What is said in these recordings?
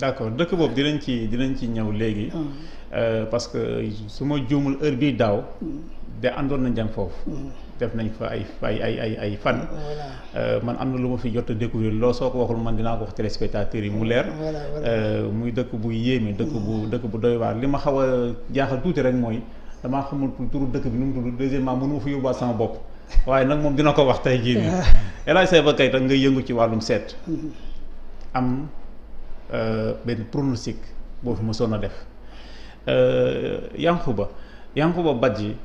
d'accord dëkk boobu dinañ ci dinañ ci ñëw léegi. Ah. Euh, parce que su ma juumul heure bii daaw. de àndoon nañ jàng foofu. Mm. def nañ fa ay ay ay ay ay fan. Ah, euh, man am na lu ma fi jot a loo lool soo ko waxul man dinaa ko wax téléspectateurs yi mu leer. Ah, euh, muy dëkk bu yéeme. dëkk bu mm. dëkk bu doy waar li ma xaw a jaaxal tuuti rek mooy damaa xamul turu dëkk bi nu mu tudd deuxièmement mënuma fa yóbbuwaat sama bopp. waaye nag moom dina ko wax tey jii nii El Hadj Seyba Keita nga yëngu ci wàllum seet. Mm-hmm. Euh, benn pronostic boo fi mësoon a def ba euh, ba Yankuba Badji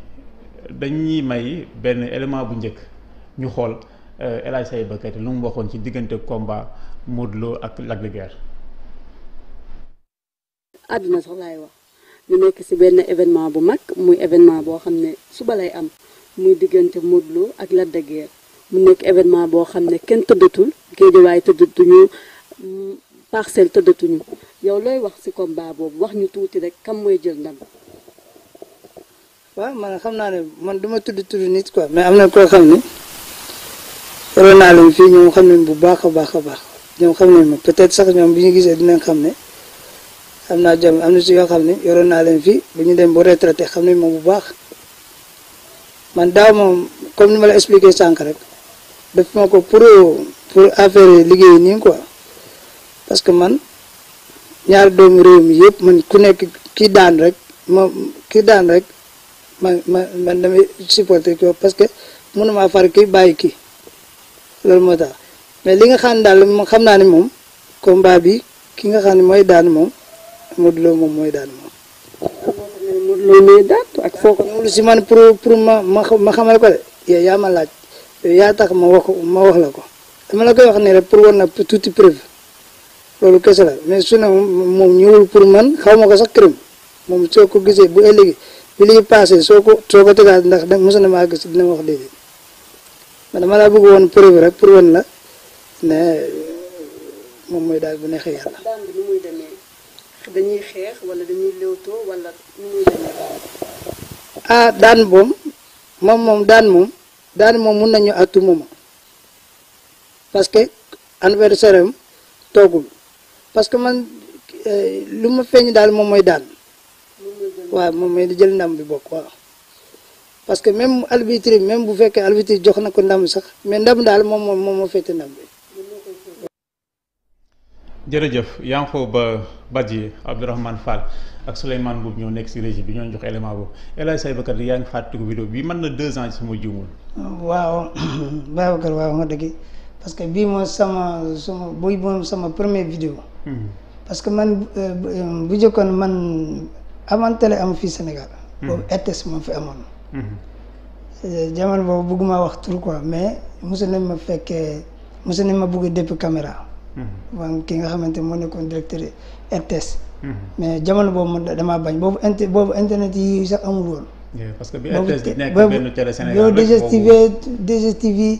dañuy may benn élément bu njëkk ñu xool euh, El Hadj Seye mu waxoon ci diggante combat Modou ak Lac de àdduna sax wax ñu nekk ci benn événement bu mag muy événement boo xam ne suba lay am muy diggante Modou ak Lac de mu nekk événement boo xam ne kenn tëddatul géejawaay tëddatuñu parcelle tëddatuñu yow looy wax ci combat boobu wax ñu tuuti rek kam mooy jël ndam. waaw man xam naa ne man duma tudd tudd nit quoi mais am na koo xam ne yoroon naa leen fii ñoom xam nañ bu baax a baax a baax ñoom xam nañ ma peut-être sax ñoom bi ñu gisee dinañ xam ne am naa jàmm am yoo xam ne yoroon naa leen fii bu ñu dem bu retraité xam nañ ma bu baax man daaw moom comme ni ma la expliqué sànq rek daf ma ko pour pour affaire liggéey nii quoi. parce que man ñaari doomu réew mi yëpp man ku nekk kii daan rek ma kii daan rek ma ma man damay supporter ko parce que mënuma far kii bàyyi kii loolu moo tax mais li nga xam ne daal moom xam naa ne moom combat bi ki nga xam ne mooy daan moom Modou Lo moom mooy daan moom. loolu daat ak foo ko ñëwul si man pour pour ma ma ma xamal ko de yow yaa ma laaj yaa tax ma wax ma wax la ko dama la koy wax nii rek pour war na tuuti preuve loolu kese la mais sunna moom ñëwul pour man xaw ko sax kër moom soo ko gisee bu ëllëgee bi liy passé soo ko soo ko tegaat ndax da mos na maa gis dina wax déedéet man dama laa bëgg woon preuve rek pour wan la ne moom mooy daal bu neexee yàlla. daan dañuy xeex wala dañuy léwtoo wala ah daan boom moom moom daan moom daan moom mun nañu à tout moment parce que anniversaire am toogul. parce que man euh, lu ma feeñ daal moom mooy daal waaw moom mooy jël ndam bi bokk waaw parce que même arbitre même bu fekkee arbitre jox na ko ndam sax mais ndam daal moom moom moom moo féete ndam bi jërëjëf Yankhoba Badji Abdourahmane Fall ak Souleymane nekk si bi ñoo jox élément boobu El Hadj Babacar yaa ngi fàttaliku suma juumul waaw Babacar waaw nga parce que bii mooy sama sama buy moom sama première vidéo hmm. parce que man euh, bu jëkkoon man avant télé am fi Sénégal hmm. boobu RTS moom fi amone hmm. euh, jamono boobu bëgguma wax tur quoi mais mosu nañ ma fekkee mosu nañ ma bëgg depuis caméra wan ki nga xamante moo nekkoon directeur RTS mais jamono boobu man damaa bañ boobu inter internet yi sax amul woon parce que bi RTS di nekk télé Sénégal boobu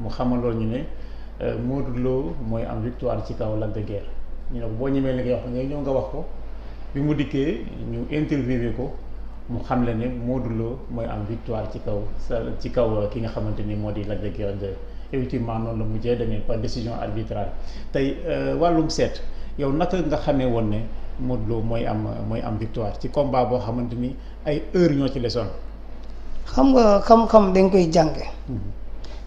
mu xamaloon ñu ne euh, Modou Lo mooy am victoire ci kaw Lac de Guiers ñu ne ko boo ñemee li ngay wax nga wax ko bi mu dikkee ñu interviewé ko mu xam le ne Modou Lo mooy am victoire ci kaw sa ci kaw euh, ki nga xamante ni moo di Lac de Guiers 2 effectivement noonu la mu mujjee demee par décision arbitrale tey euh, wàllum seet yow naka nga xamee woon ne Modou Lo mooy am mooy am victoire ci combat boo xamante ni ay heure ñoo ci lesoon xam nga xam-xam dañ koy jànge mm-hmm.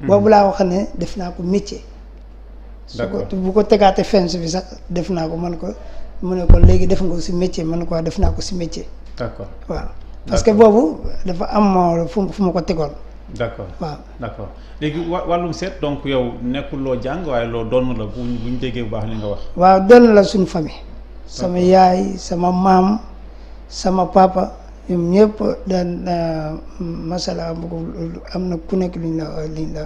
Mhm. boobu laa wax ne def naa ko métier. su ko bu ko tegaatee fenn bi sax def naa ko man ko mu ne ko léegi def nga ko si métier na ko def naa ko si métier. d'accord waaw parce que boobu dafa am fu fu ma ko tegoon. d'accord waaw d'accord léegi wàllum seet donc yow nekkul loo jàng waaye loo doon la bu bu ñu déggee bu baax li nga wax. waaw doon la suñu famille. sama yaay sama maam sama paapa ñoom dan daan eh, masala amna na ku nekk liñ la liñ la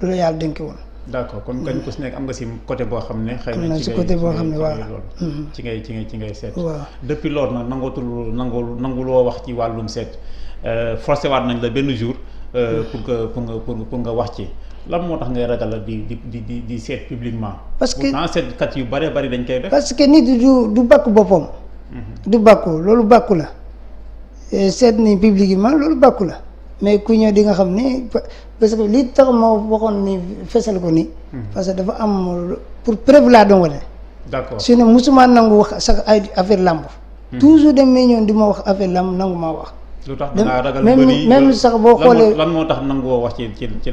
lu la yàlla dénke woon d'accord kon kañ ku si am nga si côté boo xam ne xëy na ci côté boo xam ne waaw mm-hmm. ci ngay ci ngay ci ngay seet waaw depuis loolu nag nangootul nangul nanguloo wax ci wàllum eh, forcé nañ la jour eh, mm-hmm. pour que pour nga pour nga wax ci ngay ragal di di di di di seet publiquement parce que pourtant seetkat yu bari dañ koy def parce que nit du du bàkku boppam mm-hmm. du la Euh, seet yi publiquement loolu bàkku la mais ku ñëw di nga xam ni parce que li tax ma waxoon ni fesal ko nii. Hmm. parce que dafa am pour preuve laa doon wane. d'accord su ne musuma nangu wax sax ay affaire làmb. Hmm. toujours dem may ñëw di ma wax affaire làmb nangu maa wax. lu tax dangaa ragal bëri boo xoolee lan moo tax nanguwoo wax ci ci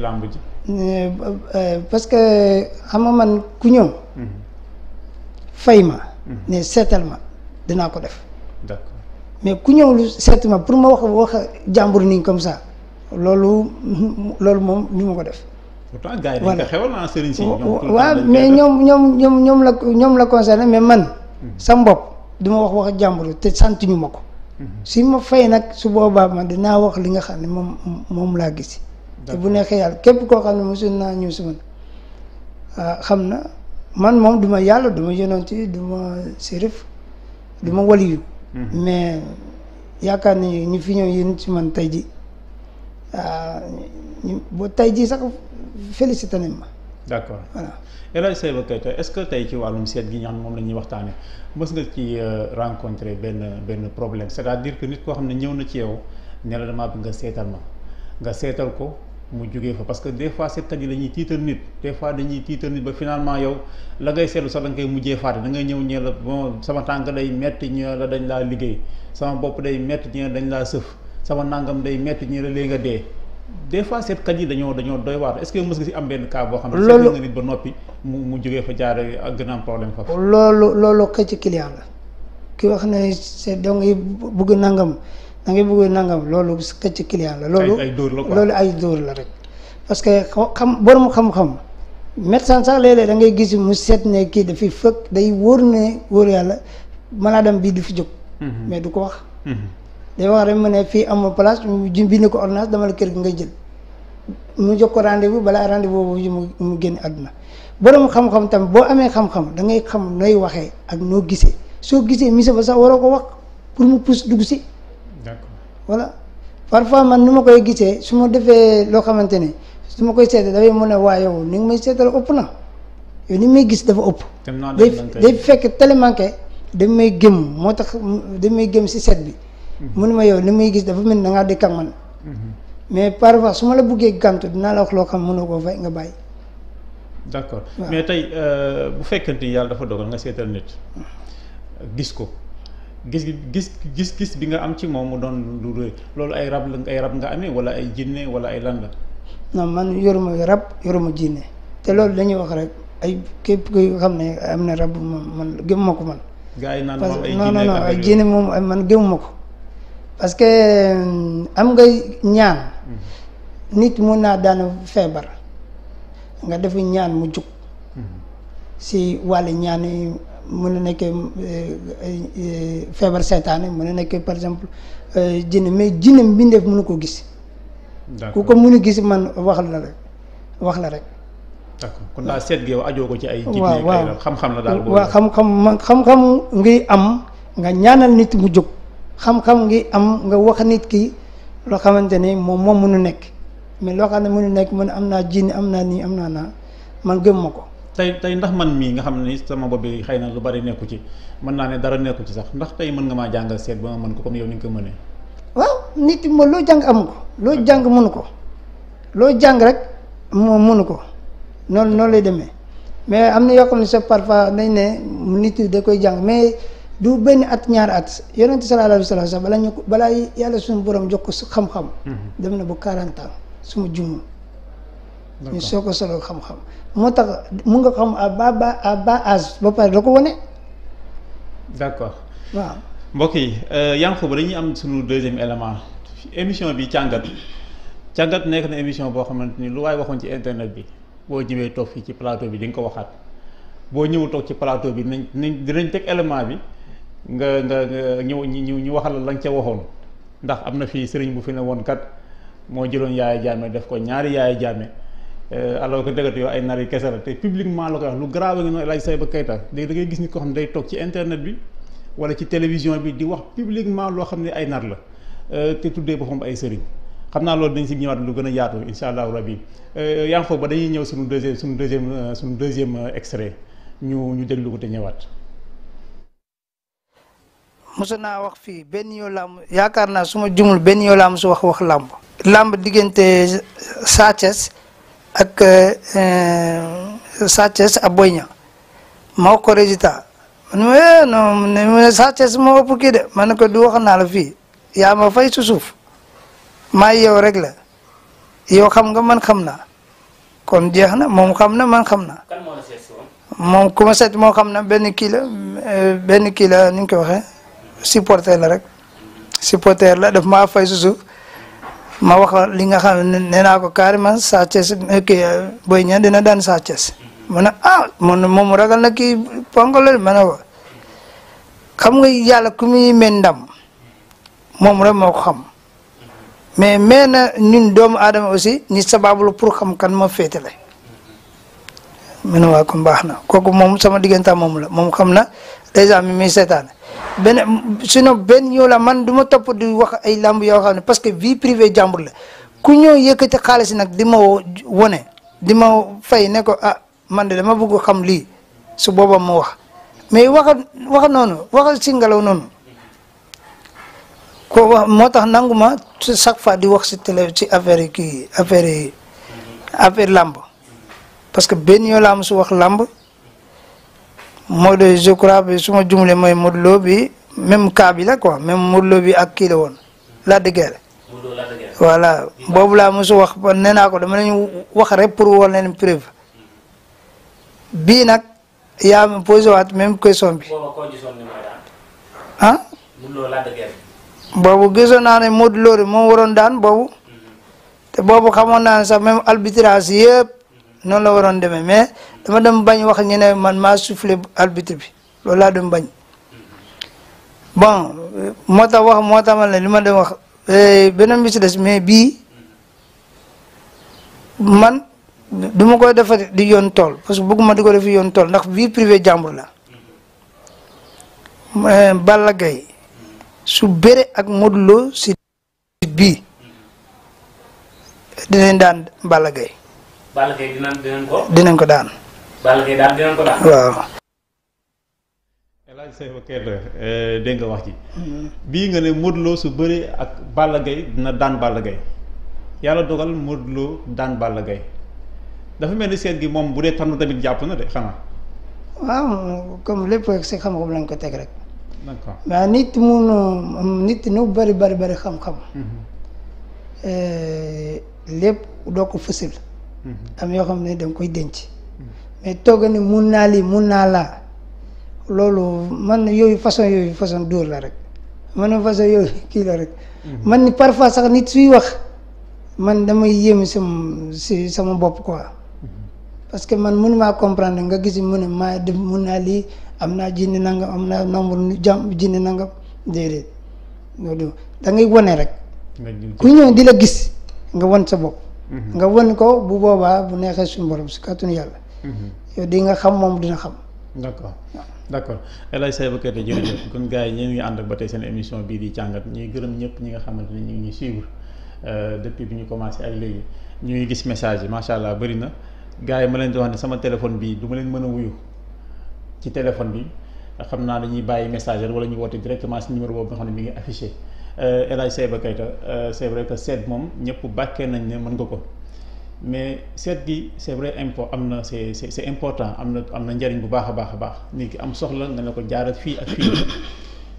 euh, euh, parce que xam nga man ku ñëw. Hmm. fay ma. ne seetal ma dinaa ko def. mais ku ñew lu seet ma pour ma wax wax jambour nii comme ça lolu lolu mom du ma def. pourtant gaay dañ ko xewal ah Serigne si. wa mais ñom ñom ñom ñom la ñom la concerner mais man. Hmm. sa mbop duma ma wax wax jambour te sant ñu ma hmm. si ma fay nak su boba ma dina wax li nga xam mom mom la gis. te bu nexe yàlla kep ko xam ne na ñu ñëw man ah, na man mom duma ma duma yonenti ma serif duma ma sérif du ma waliyu mais yaakaar ni ñu fi ñëw yéen ci man tey ji ah, ñu ba tey ji sax félicité nañ ma. d'accord voilà El Hadj Seyba Keita est-ce que tey ci wàllum seet gi nga xam ne moom la ñuy waxtaanee mës nga ci euh, rencontrer benn benn problème c'est-à-dire que nit koo xam ne ñëw na ci yow ne la damaa nga seetal ma nga seetal ko. mu jógee fa parce que des fois seetkat yi la ñuy tiital nit des fois dañuy tiital nit ba finalement yow la ngay seetlu sax da nga koy mujjee faate da ngay ñëw ñee la bon sama tànk day metti ñu la dañ laa liggéey sama bopp day metti ñu dañ laa sëf sama nangam day metti ñu la léegi dee des fois seetkat yi dañoo dañoo doy waar est-ce que mës nga si am benn cas boo xam ne seet nga nit ba noppi mu mu jógee fa da ngay bëgg nangam loolu këcc client la. loolu ay dóor la loolu ay dóor la rek. parce que xam borom xam-xam médecin sax léeg-léeg da ngay gis mu seet ne kii dafay fëkk day wóor ne wóor yàlla dem bii du fi jóg. Mhm. mais du ko wax. Mhm. day wax rek mu ne fii amul place mu bind ko ordonnance dama la kër gi nga jël mu jox ko rendez-vous balaa rendez-vous boobu mu mu génn àdduna boroom xam-xam tam boo amee xam-xam da ngay xam nooy waxee ak noo gisee soo gisee misa ba sax waroo ko wax pour mu pousse dugg si. voilà parfois man nu ma koy gisee su ma defee loo xamante ne su ma koy seetee dafay mën a waa yow ni nga may seetal ëpp na yow ni may gis dafa ëpp day day fekk tellement que dañ may gëm moo tax may gëm si seet bi mhm. mu ne ma yow li may gis dafa man mhm. mais parfois su la buggee gàntu dinaa la wax loo xam mënoo koo fay nga bàyyi d' accord mais tey euh, bu fekkante yàlla dafa dogal nga nit gis gis gis gis gis bi nga am ci moom mu doon lu rëy loolu ay rab la ay rab nga amee wala ay jinne wala ay lan la non man yoruma rab yoruma jinne te loolu dañuy wax rek ay képp kuy xam ne am na rab moom man gëmuma ko man gars yi naan ay non non non ay jinne moom man gëmuma ko parce que euh, am nga ñaan mhm. nit mun naa daan feebar nga def ñaan mu jug mhm. si wàllu ñaan mën na nekkee eh, eh, feebar seetaane mën na nekkee par exemple eh, jinne mais jinne mbindeef mënu koo gis. ku ko mënu gis man wax la rek wax la rek. d'accord kon daal seet gi yow ajoo ko ci ay. waaw waaw xam-xam la daal waaw xam-xam man ngay am nga ñaanal nit mu jóg xam-xam ngi am nga wax nit ki loo xamante ne moom moom mënu nekk mais loo xam ne mënu nekk man am naa jinne am naa nii am naa naa man gëm ma ko. tey tey ndax man mii nga xam ne sama bopp bi xëy na lu bari nekku ci mën naa ne dara nekku ci sax ndax tey mën nga maa jàngal seet ba ma mën ko comme yow ni nga ko mënee. waaw nit mo loo jàng amu ko ko loo jàng rek moo mënu ko noonu noonu lay demee mais am na yoo xam ne sax parfois nañ ne nit da koy jàng mais du benn at ñaar at yonent sallallahu alayhi wasallam sax balaa ñu balaa yàlla suñu borom jox ko xam-xam. Mhm. dem na ba 40 ans su ma ñu soo ko solo xam-xam moo tax mun nga xam à bas ba à bas âge ba pare ko wane d'accord waaw mbokk yi euh, Yankoba dañuy am suñu deuxième élément émission bi càngat càngat nekk na émission boo xamante ni lu waaye waxoon ci internet bi boo ñëwee toog fii ci plateau bi di ko waxaat boo ñëwul toog ci plateau bi dinañ dinañ teg élément bi nga nga ñu ñu ñu waxal lañ nga ca waxoon ndax am na fii sëriñ bu fi ne woon kat moo jëloon yaay jaame def ko ñaari yaay jaame Euh, alors que dëggat yoo ay nar yi kese la te publiquement la ko wax lu grave ngi noonu El Hadj Seyba Keita léegi da ngay gis nit koo xam ne day toog ci internet bi wala ci télévision bi di wax publiquement loo xam ne ay nar la euh, te tuddee boppam ay sëriñ xam naa loolu dañ si ñëwaat lu gën a yaatu incha allahu rabi euh, yaa ngi foog ba dañuy ñëw suñu deuxième suñu deuxième suñu deuxième ñu ñu déglu ko te ñëwaat. mosu naa wax fii benn yoo làmb yaakaar naa su ma jumul benn yoo làmb su wax wax làmb. làmb diggante Sathiès ak eh, eh, Sa Thiès ak Boy Niang ma wax ko résultat ma non ne Sa Thiès kii de ma ne ko du wax naa la fii yaa ma fay su suuf maa yow rek la yow xam nga man xam na kon jeex na moom xam na man xam na moom ku ma seet xam na benn kii la eh, benn kii la ni ñu koy waxee supporter la rek supporter la daf ma fay su suuf ma wax la li nga xam ne nee naa ko carrément Sa Thiès eh, kii eh, Boy Niang dina daan Sa Thiès mu ne ah man moom ragal na kii ponkal ma ne ko nga yàlla ku muy ndam moom rek moo xam mais mais na ñun doomu aadama aussi ñi sabablu pour xam kan ma féetale ma ne waa kon baax na kooku moom sama diggante moom la moom xam na dèjà mi muy Ben sino ben ñëw la man duma top di wax ay lamb yo xamne parce que vie privée jambour la ku ñoo yëkëti xaaliss nak di woné wone di fay ne ko ah man dama bëgg xam li su bobam ma wax mais wax wax noonu wax ci ngalaw noonu ko wax moo tax nanguma chaque fois di wax si télé ci affaire ki affaire affaire lamb parce que ben yoo la am su wax lamb Modou Lo je crois bi su ma jumlee mooy Modou bi même cas bi la quoi même Modou bi ak kii woon Lac de Guiers. voilà boobu laa mosu wax ba nee naa ko dama leen wax rek pour wol leen preuve bii nag yaa ma posé waat même question bi. ah. boobu gisoon naa ne Modou Lo bi waroon daan boobu. Mhm. te boobu xamoon naa ne sax même albitrage yëpp mhm. noonu la waroon demee mais. dama dem bañ wax ñu ne man ma soufflé arbitre bi loolu dem bañ bon mata tax wax moo tax ma li ma dem wax eh, benen bi ci dess mais bi man duma koy defati di yon tol parce que bëgguma diko def yon tol ndax vie privée jambour la eh, Balla gay su béré ak modlo ci bi dinañ dan. Balla Gaye dinañ ko daan Balla Gaye eh, wax ji. bii nga ne Modou su bëree ak Balla Gaye dina daan Balla Gaye yàlla dogal Modou Lo daan Balla Gaye dafa mel ni seet gi moom bu dee tànn tamit jàpp na de xanaa. waaw comme lépp rek si xam-xam lañ ko teg rek. d'accord mais nit mun nit nu bari bari bari xam-xam. Mhm. Eh, lépp doo ko fësal. Mhm. am yoo xam ne danga koy denc. Eto munali munali munala lolo lii yo naa laa loolu man yooyu façon façon la rek man façon yooyu ki la rek mm-hmm. man ni parfois sax nit suy wax man damay yem sama si sama bop quoi mm-hmm. parce que man mënumaa comprendre nga gis mu amna maa def mun naa lii am naa nangam am nombre jàmm jinni nangam da ngay wane rek ku di la gis nga wan sa bopp mm-hmm. nga wan ko bu boobaa bu neexee suñu borom si yow di nga xam moom dina xam. d' accord d' accord El Hadj Seyba Keita kon gars yi ñu ngi ànd ba tey seen émission bii di càngat ñuy gërëm ñëpp ñi nga xamante ne ñu ngi ñuy suivre euh, depuis bi ñu ak léegi ñuy gis message yi macha allah bëri na gars yi ma leen di wax ne sama téléphone bii du ma leen mën a wuyu ci téléphone bi xam naa dañuy bàyyi message wala ñu woote directement numéro boobu nga xam ne mi ngi affiché euh, El Hadj Seyba Keita euh, c'est que seet moom ñëpp bàkkee nañ ne mën nga ko. mais seet gi c'est vrai import am na c'est c'est c'est important am na am na njariñ bu baax a baax a baax nit ki am soxla nga ne ko jaaral fii ak fii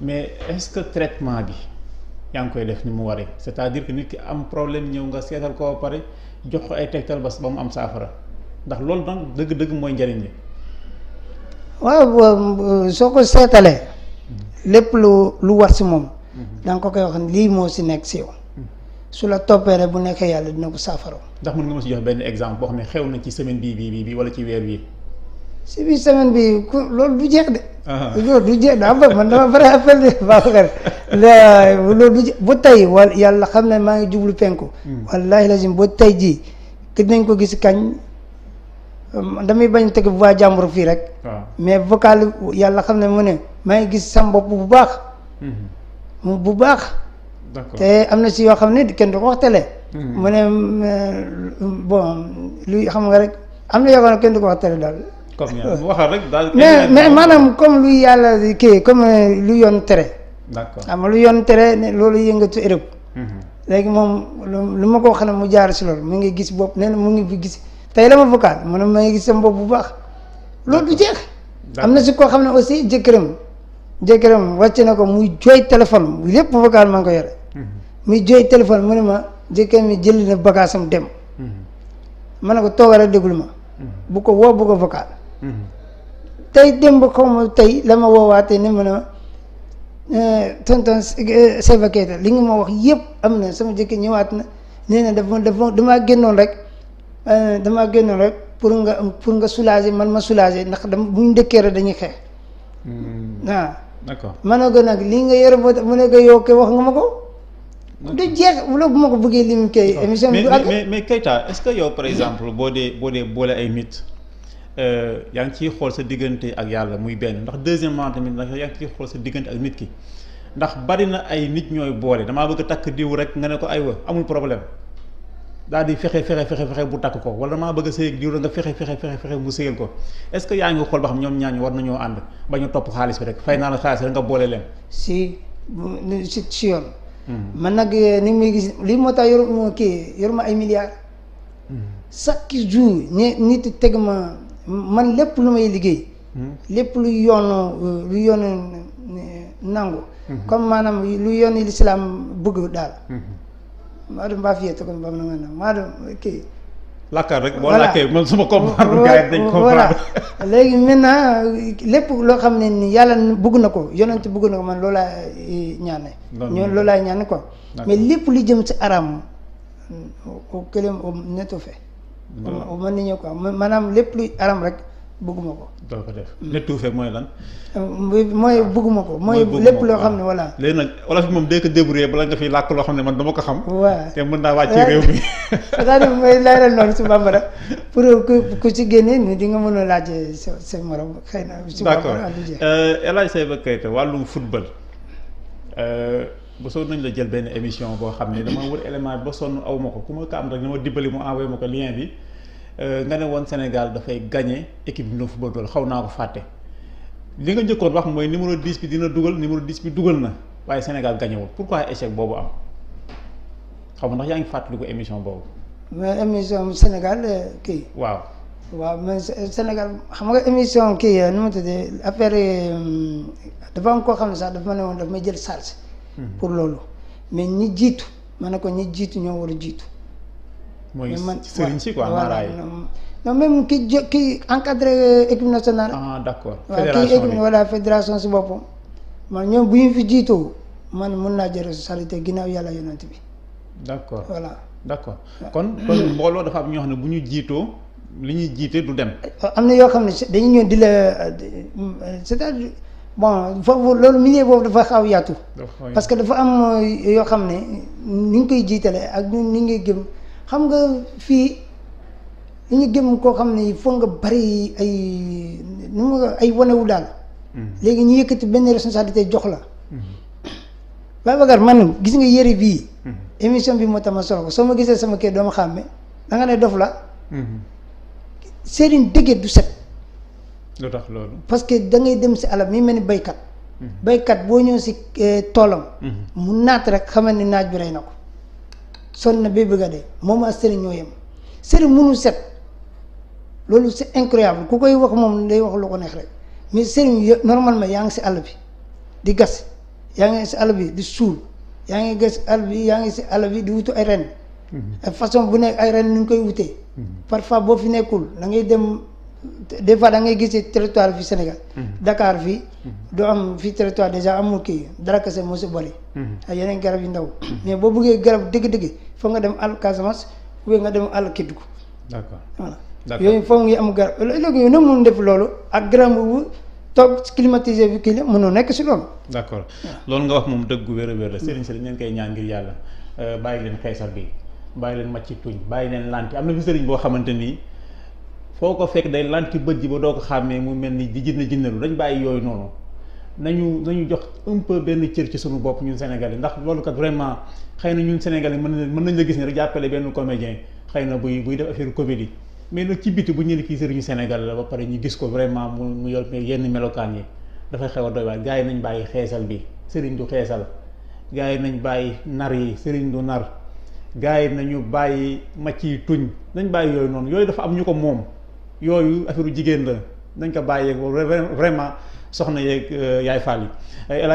mais est-ce que traitement bi yaa ngi koy def ni mu waree c'est-à-dire que nit ki am problème ñëw nga seetal ko ba pare jox ko ay tegtal ba ba mu am saafara ndax loolu nag dëgg-dëgg mooy njariñ li waaw soo ko seetalee hmm. lépp lu lu war si moom hmm. danga ko koy wax lii moo si nekk si yow su la toppee rek bu nekkee yàlla dina ko saafara. ndax mën nga ma si jox benn exemple boo xam ne xew na ci semaine bi bi bii wala ci weer bii. si biir semaine bii ku loolu du jeex de. Ah. du jeex daa bëgg man dama bari appel de Babacar loolu du ba tey wala yàlla xam ne maa ngi jublu penku. Hmm. wallaahi lazim ba tey jii gis nañ ko gis kañ um, damay bañ teg bu baax jàmbur fii rek. Ah. mais vocal yàlla xam ne mu ne maa ngi gis sam bopp bu baax. Hmm. bu baax. te am na si yoo xam ne kenn du ko wax télé. Hmm. mu ne euh, bon luy xam nga rek am na yoo xam ne kenn du ko wax daal. comme yàlla waxal mais mais maanaam comme luy yàlla kii comme euh, lu yoon tere. d'accord am lu yoon tere ne loolu yëngatu Europe. Hmm. léegi moom lu ma ko wax ne mu jaar si loolu mu ngi gis bopp nee na mu ngi gis tey la ma vocal mu ne ma ngi gis sama bopp bu baax loolu du jeex. am na si koo xam ne aussi jëkkëram. jëkkëram wàcc na ko muy jooy téléphone lépp vocal maa ko yore mm-hmm. muy jooy téléphone mu ne ma jëkkër mi jëli na bagage dem mm-hmm. ma ne ko toogal rek déglu ma mm-hmm. bu ko woo bu ko vocal tey dem ba xaw ma tey la ma woowaatee ne ma ne eh, tonton eh, Seyba Keita li nga ma wax yëpp am na sama jëkkër ñëwaat na nee na dafa dafa damaa génnoon rek eh, damaa génnoon rek pour nga pour nga soulager man ma soulager ndax dama bu ñu rek dañuy xeex waaw d'accord ma ne ko nag lii nga yor ba mu ne ko yow kay wax nga ma ko. du jeex wala bu ma ko bëggee lim kay. émission bi du àgg mais mais Keita est-ce que yow par exemple boo dee boo dee boole ay nit. Euh, yaa ngi ciy xool sa diggante ak yàlla muy benn ndax deuxièmement tamit ndax yaa ngi ciy xool sa diggante ak nit ki ndax bari na ay nit ñooy boolee damaa bëgg takk diw rek nga ne ko ay wa amul problème. daal di fexe fexe fexe fexe bu takk ko wala maa bëgg a sëy ak nga fexe fexe fexe fexe bu sëyal ko est ce que yaa ngi xool ba xam ñoom ñaañu war nañoo ànd ba ñu topp xaalis bi rek fay naa la xaalis rek nga boole leen. si si yoon. Hmm. man nag eh, ni muy gis lii moo tax yor kii yor ma ay milliards. Hmm. chaque jour ñe nit teg ma man lépp lu may liggéey. Hmm. lépp lu yoon eh, lu yoon eh, nangu. comme maanaam lu yoon lislaam bëgg daal. maɗum mbafiyette kono mbamno gandam maɗum ok lakkal rek boo lakkee man su ma comprendre gars yi dañ comprendre léegi maintenant lépp loo xam ne ni yàlla bugg na ko yonent bugg na ko man loolaa ñaane ñoon loolaa ñaane quoi mais lépp li jëm ci aram o këlem o netto fe o mën nañu quoi maanaam lépp luy aram rek bëgguma ko. doo ko def mm. ne tuufee mooy lan. mooy ah. bëgguma ko. mooy lépp loo xam ne voilà. Ah. léegi nag wolof moom day ko débrouiller bala nga fiy làkk loo xam ne man dama ko xam. waaw te mën naa wàcc ci réew mi. cest à ci génnee ni di nga mën a laajee sa sa morom xëy na. si d'accord euh, El Hadj Seyba Keita wàllum football. Euh, ba soon nañ la jël benn émission boo xam ne dama wër élément ba sonn aw ma ko ku ma ko am rek na ma dibbali mu envoyé ma ko lien bi. Euh, nga ne woon Sénégal dafay gañe équipe bi ñu football dool xaw naa ko fàtte li nga njëkkoon wax mooy numéro 10 bi dina dugal numéro 10 bi dugal na waaye Sénégal gagné pour pourquoi échec boobu am xaw ma ndax yaa ngi fàttaliku émission boobu. mais émission Sénégal euh, kii. waaw. waaw mais Sénégal xam nga émission kii euh, nu ma tuddee affaire dafa am koo xam ne sax daf ma ne woon dafa ma jël charge. Hmm. pour loolu mais ñi jiitu ma ne ko ñi jiitu ñoo war a jiitu. mooy sëriñ si quoi maraay non même ki jo ki encadré euh, équipe nationale. ah d'accord fédération bi voilà fédération si boppam. man ñoom bu ñu fi jiitoo man mun naa jël responsabilité ginnaaw yàlla yonent bi. d'accord voilà d'accord kon mbooloo dafa am ñoo xam ne bu ñu jiitoo li ñuy jiite du dem. am na yoo xam ne dañu ñëw di la c'est-à-dire bon foofu loolu milieu boobu dafa xaw yaatu. parce que dafa am euh, yoo xam ne ni ñu koy jiitale ak ni ñu ngi gëm. xam nga fi ñu gem ko xam fo nga bari ay ñu ma ay wanewu dal legi ñu yëkëti ben responsabilité jox la. Babacar man gis nga yëre bi émission bi moo tax solo ko soo gisé sama kër dooma xamé da nga né dof la. Serigne dëgg du set. lu tax parce que da ngay dem ci alam mi melni baykat baykat bo ñëw si tolom, mu naat rek xamal ni naaj bi rey sonn na ba bëgg a moom a sëriñ ñoo yem sëriñ mënu set loolu c'est incroyable ku koy wax moom day wax lu ko neex rek mais sëriñ normalement yaa ngi si àll bi di gas yaa ngi si àll bi di suul yaa ngi gas àll bi yaa ngi si àll bi di wutu ay ren ay mhm. façon bu nekk ay ren nu ñu koy wutee mhm. parfois boo fi nekkul da ngay dem des fois da ngay gisee territoire fi Sénégal mhm. Dakar fii doo am fii territoire déjà amul kii dara kese moo si bari Mm-hmm. ay yeneen garab yu ndaw. mais boo bëggee garab dëgg-dëgg foog nga dem àll Casamance ou bien nga dem àll Kédougou. d'accord voilà yooyu foog ngi am garab léegi yow nag mun def loolu ak garab bu toog climatisé bi kii la nekk si loolu. d'accord loolu nga wax moom dëggu wér a wér la Serigne si dañ leen koy ñaa ngir yàlla euh, bàyyi leen xeesal bi bàyyi leen macc tuñ bàyyi leen lanti am na fi Serigne boo xamante ni. foo ko fekk day lanti bët ji ba doo ko xàmmee mu mel ni di jinne jinne lu dañ bàyyi yooyu noonu nañu nañu jox un peu benn cër ci suñu bopp ñun Sénégalais ndax loolu kat vraiment xëy na ñun Sénégalais mën nañ mën nañ la gis ne rek jàppale benn comédien xëy na buy buy def affaire comédie mais nag ci biti bu ñu ne kii sëriñu Sénégal la ba pare ñu gis ko vraiment mu mu yor yenn melokaan yi dafay xew a doy waar nañ bàyyi xeesal bi sëriñ du xeesal gars yi nañ bàyyi nar yi sëriñ du nar gars yi nañu bàyyi macc yi tuñ nañ bàyyi yooyu noonu yooyu dafa am ñu ko moom yooyu affaire jigéen la nañ ko bàyyi vraiment soxna yeeg euh, yaay faal yi ay El Hadj